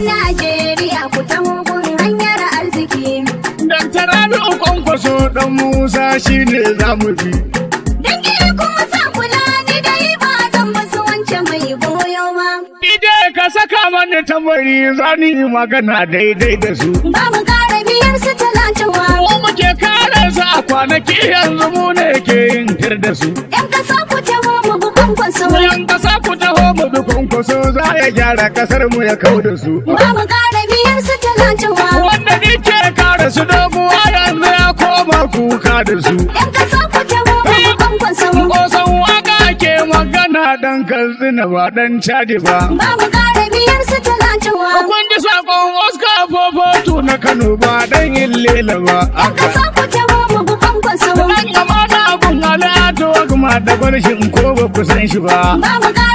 'yan Najeriya ku ta gun hanyar arziki. Dan tara da ukon kwaso dan Musa shi ne za mu bi. Dan gida kuma sa kula ni dai ba don musu wance mai goyo ba. Ide ka saka mani tambari za ni magana daidai da su. Ba mu kara biyan su talatin wa. Ko muke kare su a kwanaki yanzu mu ne ke yin da su. 'Yan kasa ku taho mu bukon kwaso. ku su za ya gyara kasar mu ya kau da su. Babu ƙara biyan su talatinwa. Wanda ni ke kare su doguwa yanzu ya koma kuka da su. Yan kasa ku ke mu bankon samu. Kosan waka ke magana dan kalzina ba dan caji ba. Babu ƙara biyan su talatinwa. Kun ji sakon Oscar to na Kano ba dan yin lela ba. Yan kasa ku ke mu bankon samu. Dan kamata abun ala'adu kuma da gwarshin ko ba ku san shi ba. Babu ƙara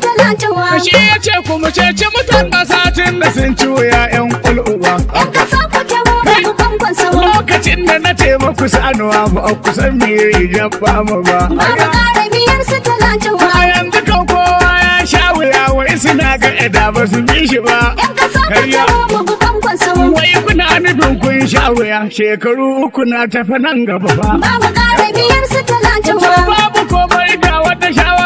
talatawa. Shi ya ce ku mu cece mutan ƙasa tun da sun ci wuya 'yan ƙul'uwa. Yan ƙasa ku kyawa ba ku kwankwansawa. Lokacin da na taimako sanuwa ba a kusan me ya ba mu ba. Ba mu ƙara biyar su talatawa. Bayan dukan kowa ya sha wuya wai suna ga ida ba su bi shi ba. Yan ƙasa ku kyawa ba ku kwankwansawa. Wai kuna nufin kun sha wuya shekaru uku na tafi nan gaba ba. Ba mu ƙara biyar su talatawa.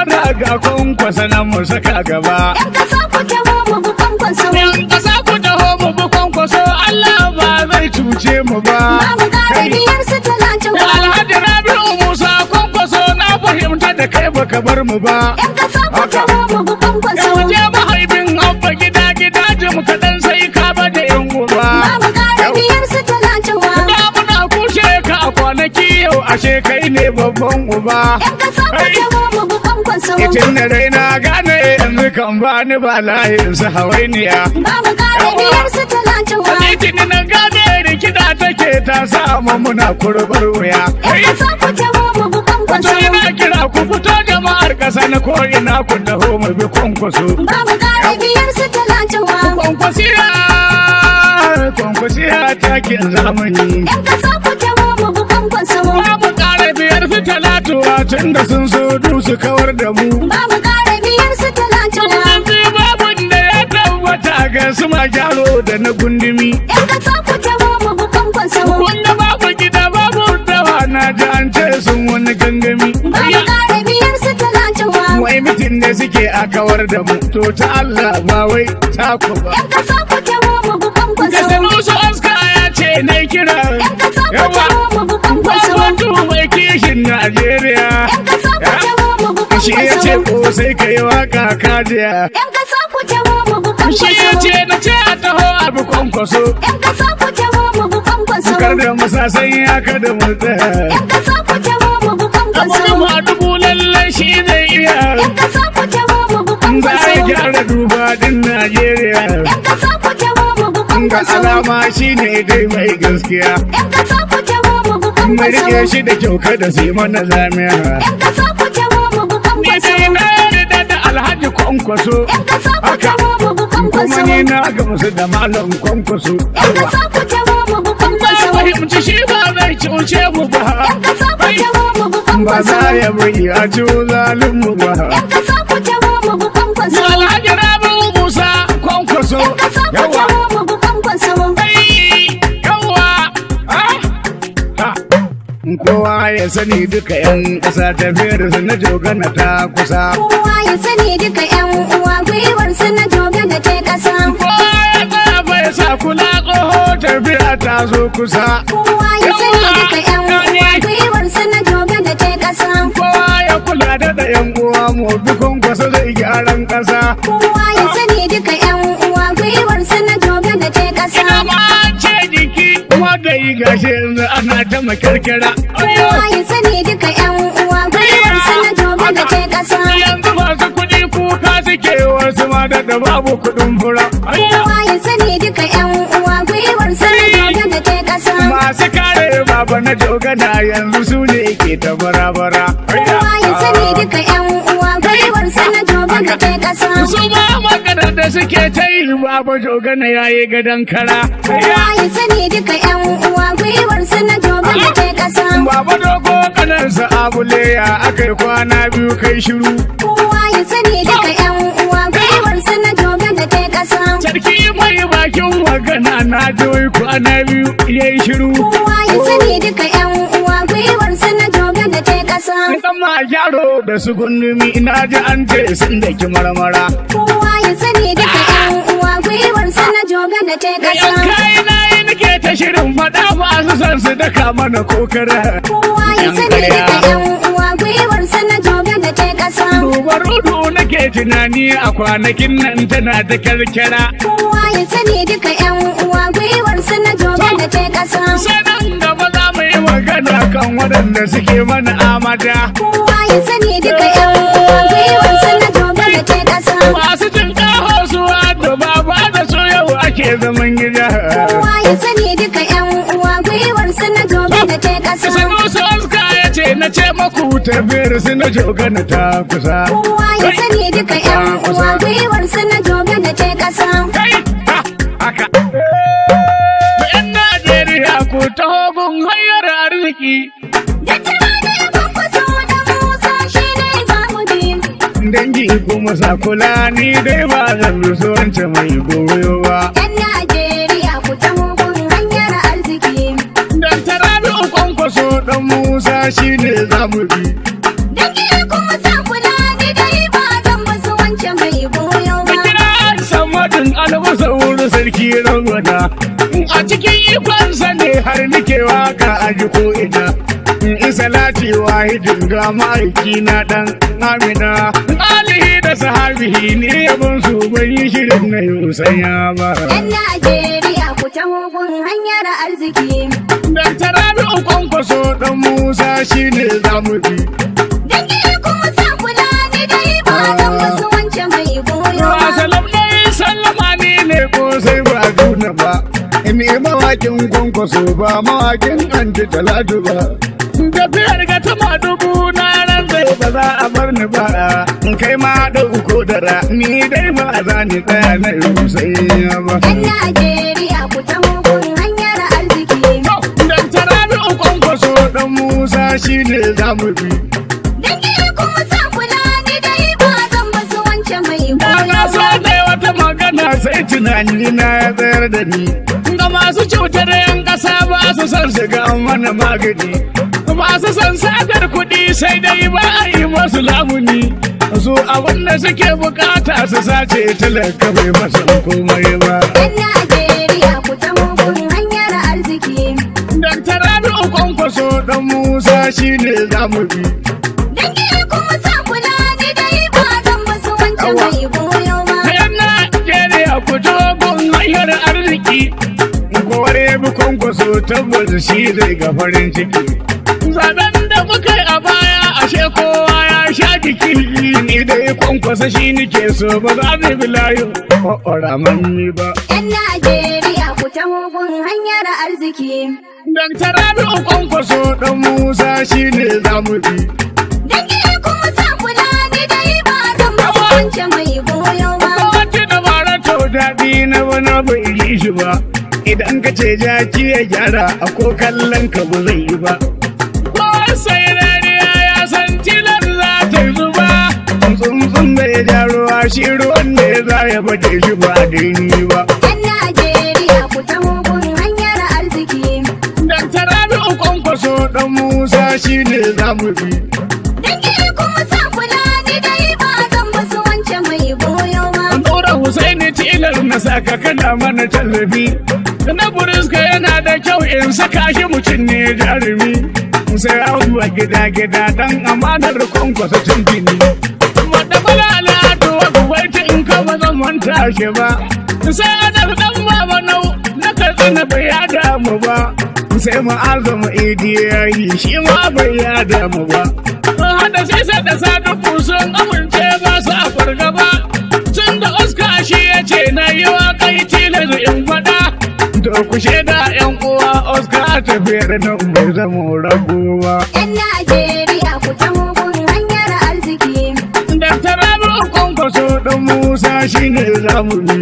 gwamna ga kwankwasa nan mu saka gaba. Yan kasa ku taho mu bi kwankwaso. Yan kasa ku taho mu bi kwankwaso Allah ba zai cuce mu ba. Babu ƙara biyar su talatin ba. Alhaji Rabi'u Musa kwankwaso na fahimta da kai baka bar mu ba. Yan kasa ku taho mu bi kwankwaso. Yau je mahaifin abba gida gida ji mu kaɗan sai ka ba da yan uba. Babu ƙara biyar su talatin ba. Da muna kushe ka a kwanaki yau ashe kai ne babban uba. Yan kasa ku taho mu tun da dai na gane yanzu kan ba ni ba layin su hawainiya. Babu kare biyar su talatin wa. Tun na gane rikida take ta sa mu muna kurbar wuya. Ina son ku ce mu bu kwankwaso. Ina kira ku fito jama'ar ƙasa na ko ina ku taho mu bi kwankwaso. Babu kare biyar su talatin wa. Kwankwasiya. Kwankwasiya takin zamani. Yan kasa kasuwa tun da sun so su kawar da mu babu kara biyar su talatin sun fi babun da ya tabbata ga su ma gyaro da na gundumi yan ka kasa ku ta babu bukan kwasa wanda babu gida babu dawa na ji an ce sun wani gangami babu kara biyar su talatin wai mitin ne suke a kawar da mu to ta Allah ba wai ta ku ba yan kasa ku ta babu bukan kwasa da su aska ya ce na kira yawa Najeriya. Shi ya ce ko sai ka yi waka kajiya. Shi ya ce na ce a taho abu kwankwaso. Bukar da masasan ya ka da mu a dubu lallai shi zai iya. Za a gyara duba din Najeriya. Ga alama shi ne dai mai gaskiya. in mu shi da kyau kada su yi mana lamiya in ka so ku jawo mu ku kwankwaso ni dai na da da alhaji kwankwaso in ka so ku jawo mu ku kwankwaso kuma ni na gamsu da malam kwankwaso in ka so ku jawo mu ku kwankwaso ba fahimci shi ba bai cuce mu ba in ka so ku jawo mu ku kwankwaso ba za ya bari a ci zalin mu ba in ka so kowa ya sani duka yan ta tafiyar su na jogana ta kusa kowa ya sani duka yan uwa gwiwar su na jogana ta kasa kowa bai sa kula ƙoho tafiya ta zo kusa kowa ya sani duka yan uwa gwiwar su na jogana ta kasa kowa ya kula da yan uwa mu bikon kwasa zai gyaran ƙasa kowa ya sani duka ko da yi gashi yanzu ana ta makirkira. Kowa ya sani duka yan uwa gwiwar sana gobe da ke kasa. Yanzu masu kuɗi kuka suke wasu ma da da babu kuɗin fura. Kowa sani duka yan uwa gwiwar sana gobe da ke kasa. Masu kare baba na dogana yanzu su ne ke ta bara-bara. ke ta yi baba jogana ya yi gadon kara. Ra'ayin sani duka yan uwa gwiwar na jogana ke kasa. Baba dogo kanansa abule ya aka yi kwana biyu kai shiru. Kowa ya sani duka yan uwa gwiwar na jogana ke kasa. Sarki mai bakin wagana na ji wai kwana biyu ya yi shiru. Kowa ya sani duka yan uwa gwiwar na jogana ke kasa. ma yaro da su gundumi na ji an je sun da ki marmara. Kowa ya sani duka shirin faɗa masu son su daka mana kokara. Kowa ya sani da yan uwa gwiwar sana joga da ce ƙasa. Duba rudu nake tunani a kwanakin nan tana da karkara. Kowa ya sani duka yan uwa gwiwar sana joga da ce ƙasa. Sanan ba za mu yi magana kan waɗanda suke mana amada. Kowa ya sani duka yan uwa gwiwar sana joga da ce ƙasa. Masu jin ƙaho suwa da baba da so ake zaman gida. sun sani duka yan uwa gwiwar su na gobe da ta kasa sanu soska ya ce na ce maku tafiyar su na joga na ta kusa kowa ya sani duka yan uwa gwiwar su na gobe da ta kasa haka yan najeriya ku taho gun hanyar arziki dangi kuma sakula ni dai ba zan so in mai gobe gaskiya shi ne za mu bi. Da kira kuma sa kula ni gari ba zan basu wancan mai goyo ba. Da kira an san wadin albasa wuri sarki rangwata. A cikin ikon ne har nike waka a ji ko ina. Isa lati wahidin ga ma'aiki na ɗan amina. Alihi da sahabihi ne yabon ban bai shirin na yusanya ba. ta hanyar arziki. Dr. Rabi'u kwankwaso ɗan Musa shi ne za mu bi. Dangi kuma sa kula ni dai ba don wasu wance mai goyo. Ba salam dai sallama ni ne ko sai ba juna ba. Ni mawakin kwankwaso ba mawakin anti talatu ba. Tafiyar ga tama dubu na ran zai ba za a bar ni ba. Kai ma da uku dara ni dai ba za ni ɗaya na rusai ba. Yan Najeriya Musa shi ne za mu bi. Dangi Musa kula ni dai ba zan basu wancan mai ba. Na so dai wata magana sai tunani na ya tsayar da ni. Ga masu cutar yan ƙasa ba su san shiga mana magani. Masu san sadar kuɗi sai dai ba a yi masu lamuni. Su abin da suke bukata su sace talaka bai masa komai ba. dan Musa shine za mu bi. Dan gida kuma sa kula ni dai ba zan musu wancan mai goyo ba. Sayan na kere a fito gun hanyar arziki. Kore bukon ta tabbas shi zai ga farin ciki. Zaben da muka yi a baya ashe kowa ya sha jiki. Ni dai kwankwasa shi nike so ba za ni bi layin ƙwaƙwara manni ba. Yan Najeriya ta mugun hanyar arziki. Dr. Rabi'u Kwankwaso ɗan Musa shi ne za mu bi. Dangi kuma sa kula ni dai ba zan mutunce mai goyo ba. Kowace dabara to daɗi na bana bai yi shi ba. Idan ka ce jaki ya gyara a ko kallon ka ba zai yi ba. Kowar sai rariya ya san tilar za ta zuba. Tsuntsun da ya ja ruwa shi ruwan da ya za ya bade shi ba da za mu bi. kuma sa kula da dai ba zan musu wance mai goyo ba. Nura Hussaini tilar na saka kana mana tallafi. Na buriska yana da kyau in saka shi mutum ne jarumi. Sai a gida-gida dan amanar kwankwasa can jini Mata balala to kuwaita in kama zan manta shi ba. Sai anar dan nau na karɓi na bai yada mu ba. sai mu idi yayi shi ma bai da mu ba. Ba hada sai sai da sadaku kusan amince ba su a fargaba. Tun da Oscar shi ya ce na yi waƙai tilas in faɗa. Da ku da 'yan uwa Oscar tafiyar nan bai zama rago ba. 'Yan Najeriya ku ta mugun hanyar arziki. Daktar Abu Kwankwaso ɗan Musa shi ne zamu bi.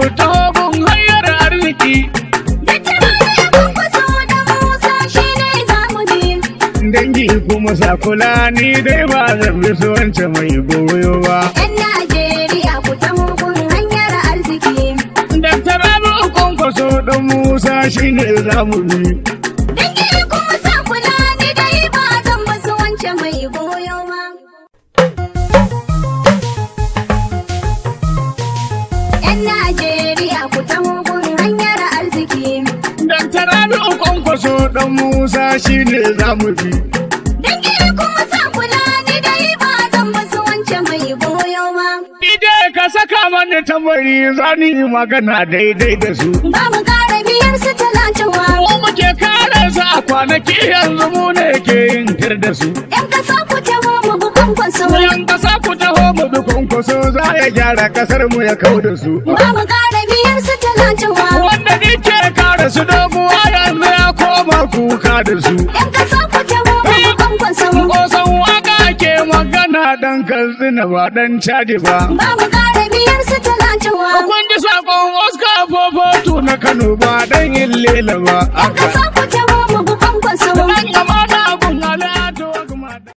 mu hanyar arziki. Dangi kuma sa kula ni dai ba zan bi su wance mai goyo ba. Yan Najeriya ku ta mugun hanyar arziki. Daktar Abu so ɗan Musa shi ne mu bi. shi ne za mu bi. Dangere kuma sa kula ni dai ba zan musu wance mai goyo ba. Ide ka saka mana tambari za ni magana daidai da su. Ba mu kare biyar su talatin wa. Ko muke kare su a kwanaki yanzu mu ne ke yin tir da su. Yan sa ku taho mu bi kwankwaso. Yan sa ku taho mu bi kwankwaso za ya gyara kasar mu ya kau da su. Ba mu kare biyar su talatin wa. Wanda ni ke kare su don kama da su. Yan kasa ku jawo mu bangon magana dan kaltsina ba dan caji ba. babu mu kare biyar su talacewa. Kun ji sakon Oscar Fofoto na Kano ba dan yin lela ba. Yan kasa ku jawo mu bangon